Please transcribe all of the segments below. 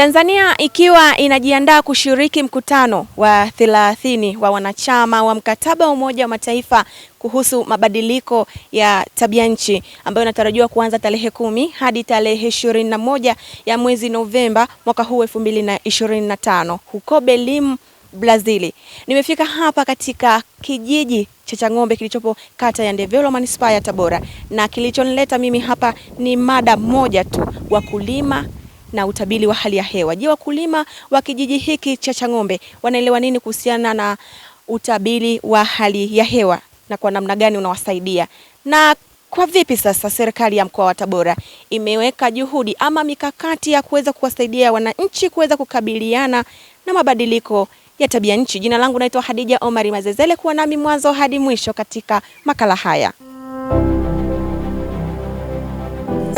Tanzania ikiwa inajiandaa kushiriki mkutano wa 30 wa wanachama wa mkataba wa Umoja wa Mataifa kuhusu mabadiliko ya tabia nchi ambayo inatarajiwa kuanza tarehe kumi hadi tarehe ishirini moja ya mwezi Novemba mwaka huu 2025 huko Belem Brazil. Nimefika hapa katika kijiji cha Chang'ombe kilichopo kata ya Ndevelo manispaa ya Tabora, na kilichonileta mimi hapa ni mada moja tu, wakulima na utabiri wa hali ya hewa. Je, wakulima wa kijiji hiki cha Chang'ombe wanaelewa nini kuhusiana na utabiri wa hali ya hewa na kwa namna gani unawasaidia na kwa vipi sasa serikali ya mkoa wa Tabora imeweka juhudi ama mikakati ya kuweza kuwasaidia wananchi kuweza kukabiliana na mabadiliko ya tabia nchi? Jina langu naitwa Hadija Omari Mazezele, kuwa nami mwanzo hadi mwisho katika makala haya.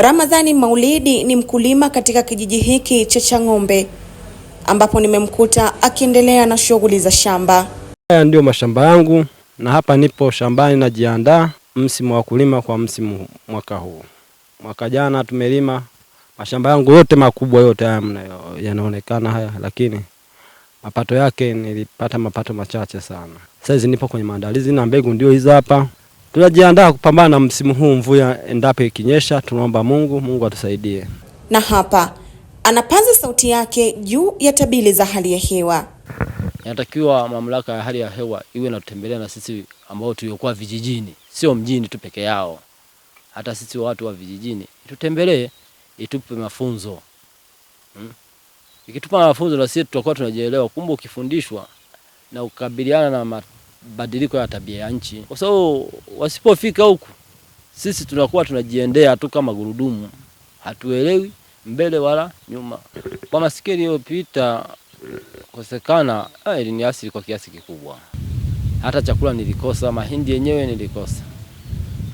Ramadhani Maulidi ni mkulima katika kijiji hiki cha Chang'ombe ambapo nimemkuta akiendelea na shughuli za shamba. Haya ndio mashamba yangu na hapa nipo shambani najiandaa msimu wa kulima kwa msimu mwaka huu. Mwaka jana tumelima mashamba yangu yote makubwa yote haya yanaonekana haya, lakini mapato yake nilipata mapato machache sana. Sasa nipo kwenye maandalizi na mbegu ndio hizo hapa. Tunajiandaa kupambana na msimu huu mvua, endapo ikinyesha, tunaomba Mungu, Mungu atusaidie. Na hapa anapaza sauti yake juu ya tabili za hali ya hewa. Inatakiwa mamlaka ya hali ya hewa iwe natutembelea na sisi ambao tuliokuwa vijijini, sio mjini tu peke yao, hata sisi watu wa vijijini itutembelee, itupe mafunzo hmm? Ikitupa mafunzo na sisi tutakuwa tunajielewa. Kumbe ukifundishwa na ukabiliana na badiliko ya tabia ya nchi, kwa sababu wasipofika huku sisi tunakuwa tunajiendea tu kama gurudumu, hatuelewi mbele wala nyuma. Kwa masikio iliyopita kosekana asili ah, kwa kiasi kikubwa, hata chakula nilikosa, mahindi yenyewe nilikosa.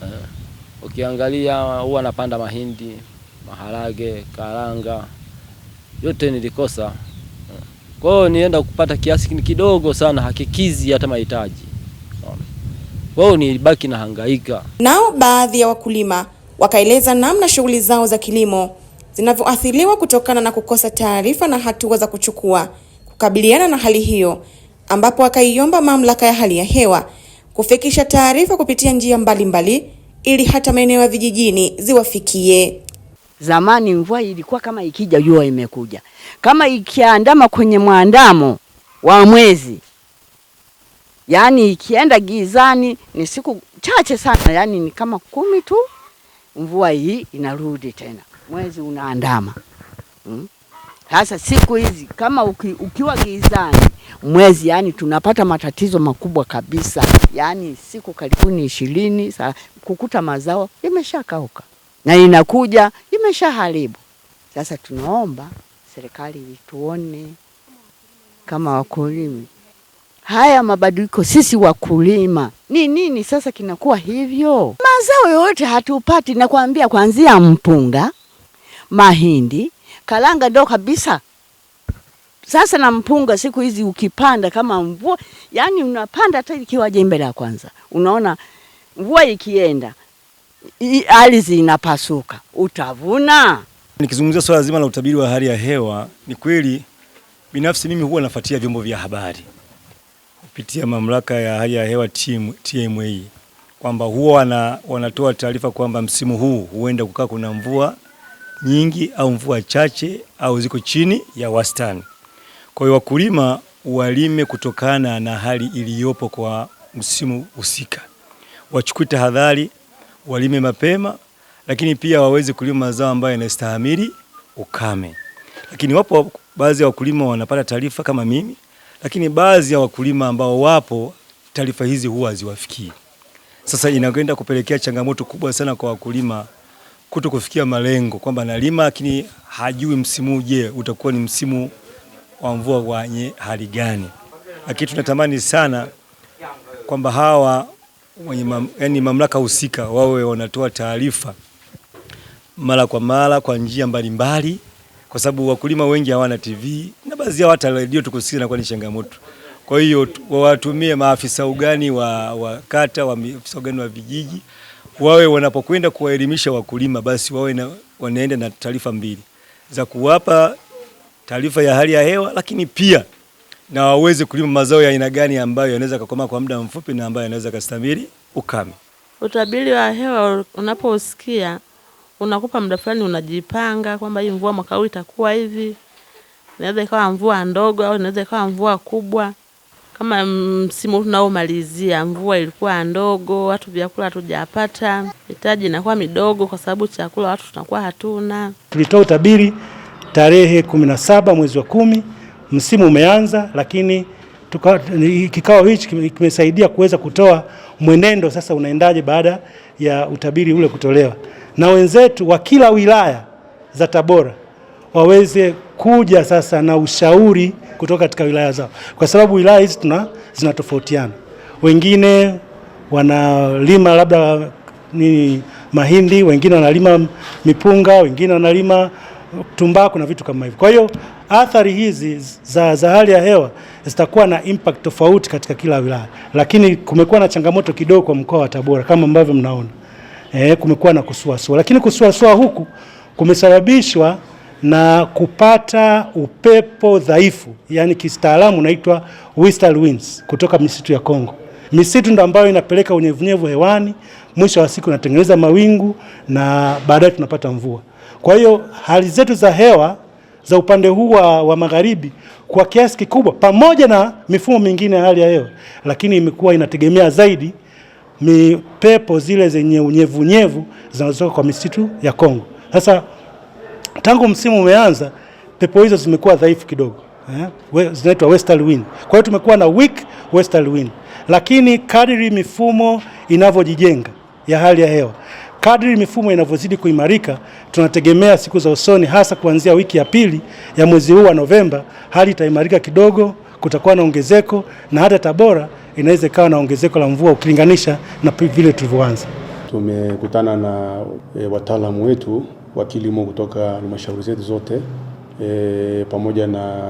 Uh, ukiangalia huwa napanda mahindi, maharage, karanga, yote nilikosa. Kwa hiyo nienda kupata kiasi kidogo sana, hakikizi hata mahitaji. Kwa hiyo nibaki na hangaika. Nao baadhi ya wakulima wakaeleza namna shughuli zao za kilimo zinavyoathiriwa kutokana na kukosa taarifa na hatua za kuchukua kukabiliana na hali hiyo, ambapo wakaiomba mamlaka ya hali ya hewa kufikisha taarifa kupitia njia mbalimbali mbali, ili hata maeneo ya vijijini ziwafikie. Zamani mvua ilikuwa kama ikija jua imekuja, kama ikiandama kwenye mwandamo wa mwezi, yaani ikienda gizani ni siku chache sana, yaani ni kama kumi tu, mvua hii inarudi tena, mwezi unaandama hmm? siku hizi kama uki, ukiwa gizani mwezi, yani tunapata matatizo makubwa kabisa, yaani siku karibuni ishirini kukuta mazao yameshakauka na inakuja imeshaharibu. Sasa tunaomba serikali lituone kama wakulima, haya mabadiliko sisi wakulima ni nini sasa kinakuwa hivyo? Mazao yoyote hatupati, nakwambia, kuanzia mpunga, mahindi, kalanga ndo kabisa sasa na mpunga siku hizi ukipanda kama mvua, yani unapanda hata ikiwa jembe la kwanza, unaona mvua ikienda ardhi inapasuka, utavuna. Nikizungumzia swala zima la utabiri wa hali ya hewa, ni kweli binafsi mimi huwa nafuatia vyombo vya habari kupitia mamlaka ya hali ya hewa TMA, kwamba huwa wana, wanatoa taarifa kwamba msimu huu huenda kukaa kuna mvua nyingi au mvua chache au ziko chini ya wastani. Kwa hiyo wakulima walime kutokana na hali iliyopo kwa msimu husika, wachukue tahadhari walime mapema, lakini pia waweze kulima mazao ambayo yanastahimili ukame. Lakini wapo baadhi ya wakulima wanapata taarifa kama mimi, lakini baadhi ya wakulima ambao wapo taarifa hizi huwa haziwafikii. Sasa inakwenda kupelekea changamoto kubwa sana kwa wakulima kuto kufikia malengo kwamba nalima, lakini hajui msimu uje utakuwa ni msimu wa mvua wenye hali gani. Lakini tunatamani sana kwamba hawa wenye mam, yani mamlaka husika wawe wanatoa taarifa mara kwa mara kwa njia mbalimbali, kwa sababu wakulima wengi hawana TV na baadhi yao hata redio tukusikiza, inakuwa ni changamoto. Kwa hiyo wawatumie maafisa ugani wa, wa kata maafisa ugani wa vijiji wawe wanapokwenda kuwaelimisha wakulima, basi wawe na, wanaenda na taarifa mbili za kuwapa taarifa ya hali ya hewa, lakini pia na waweze kulima mazao ya aina gani ambayo yanaweza kukomaa kwa muda mfupi na ambayo yanaweza kustahimili ukame. Utabiri wa hewa unaposikia unakupa muda fulani, unajipanga kwamba hii mvua mwaka huu itakuwa hivi, inaweza ikawa mvua ndogo au inaweza ikawa mvua kubwa. Kama msimu tunaomalizia mvua ilikuwa ndogo, watu vyakula hatujapata, hitaji inakuwa midogo kwa sababu chakula watu tunakuwa hatuna. Tulitoa utabiri tarehe kumi na saba mwezi wa kumi Msimu umeanza lakini tuka, kikao hichi kimesaidia kuweza kutoa mwenendo sasa unaendaje baada ya utabiri ule kutolewa, na wenzetu wa kila wilaya za Tabora waweze kuja sasa na ushauri kutoka katika wilaya zao, kwa sababu wilaya hizi tuna zinatofautiana, wengine wanalima labda ni mahindi, wengine wanalima mipunga, wengine wanalima tumbaku na vitu kama hivyo, kwa hiyo athari hizi za, za hali ya hewa zitakuwa na impact tofauti katika kila wilaya, lakini kumekuwa na changamoto kidogo kwa mkoa wa Tabora kama ambavyo mnaona e, kumekuwa na kusuasua, lakini kusuasua huku kumesababishwa na kupata upepo dhaifu, yani kistaalamu unaitwa western winds kutoka misitu ya Kongo. Misitu ndo ambayo inapeleka unyevunyevu hewani, mwisho wa siku unatengeneza mawingu na baadaye tunapata mvua. Kwa hiyo hali zetu za hewa za upande huu wa magharibi kwa kiasi kikubwa, pamoja na mifumo mingine ya hali ya hewa, lakini imekuwa inategemea zaidi mipepo zile zenye unyevunyevu zinazotoka kwa misitu ya Kongo. Sasa tangu msimu umeanza, pepo hizo zimekuwa dhaifu kidogo eh, zinaitwa westerly wind. Kwa hiyo tumekuwa na weak westerly wind, lakini kadiri mifumo inavyojijenga ya hali ya hewa Kadri mifumo inavyozidi kuimarika, tunategemea siku za usoni, hasa kuanzia wiki ya pili ya mwezi huu wa Novemba, hali itaimarika kidogo, kutakuwa na ongezeko na hata Tabora inaweza ikawa na ongezeko la mvua ukilinganisha na vile tulivyoanza. Tumekutana na e, wataalamu wetu wa kilimo kutoka halmashauri zetu zote e, pamoja na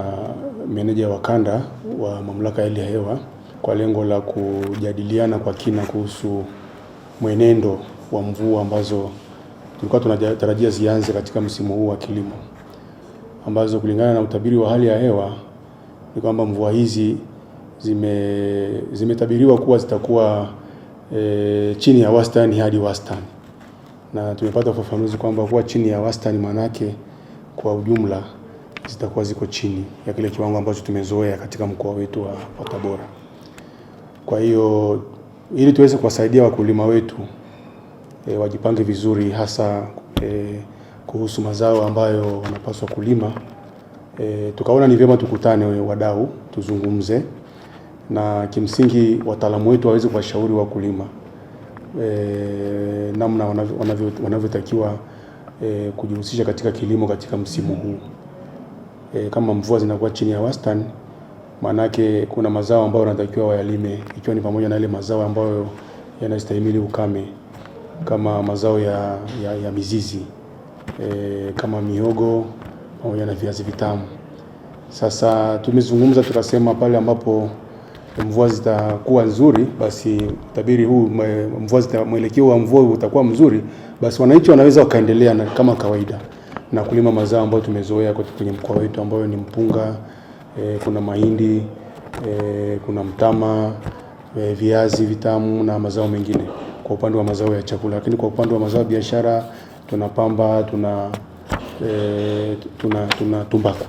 meneja wa kanda wa mamlaka ya hali ya hewa kwa lengo la kujadiliana kwa kina kuhusu mwenendo wa mvua ambazo tulikuwa tunatarajia zianze katika msimu huu wa kilimo, ambazo kulingana na utabiri wa hali ya hewa ni kwamba mvua hizi zime zimetabiriwa kuwa zitakuwa e, chini ya wastani hadi wastani, na tumepata ufafanuzi kwamba kuwa chini ya wastani manake kwa ujumla zitakuwa ziko chini ya kile kiwango ambacho tumezoea katika mkoa wetu wa Tabora. Kwa hiyo ili tuweze kuwasaidia wakulima wetu e, wajipange vizuri hasa e, kuhusu mazao ambayo wanapaswa kulima. E, tukaona ni vyema tukutane wadau tuzungumze, na kimsingi wataalamu wetu waweze kuwashauri wakulima e, namna wanavyotakiwa e, kujihusisha katika kilimo katika msimu huu e, kama mvua zinakuwa chini ya wastani, maanake kuna mazao ambayo wanatakiwa wayalime, ikiwa ni pamoja na yale mazao ambayo yanastahimili ukame kama mazao ya, ya, ya mizizi e, kama mihogo pamoja na viazi vitamu. Sasa tumezungumza tukasema pale ambapo mvua zitakuwa nzuri, basi utabiri huu mvua zita, mwelekeo wa mvua utakuwa mzuri, basi wananchi wanaweza wakaendelea na kama kawaida na kulima mazao ambayo tumezoea kwenye mkoa wetu ambayo ni mpunga e, kuna mahindi e, kuna mtama e, viazi vitamu na mazao mengine kwa upande wa mazao ya chakula, lakini kwa upande wa mazao ya biashara tuna pamba, tuna e, tuna, tuna tumbaku.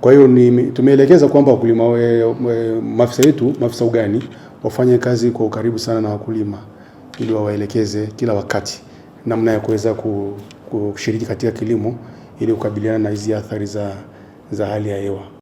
Kwa hiyo ni tumeelekeza kwamba wakulima eh, eh, maafisa wetu maafisa ugani wafanye kazi kwa ukaribu sana na wakulima ili wawaelekeze kila wakati namna ya kuweza kushiriki katika kilimo ili kukabiliana na hizi athari za, za hali ya hewa.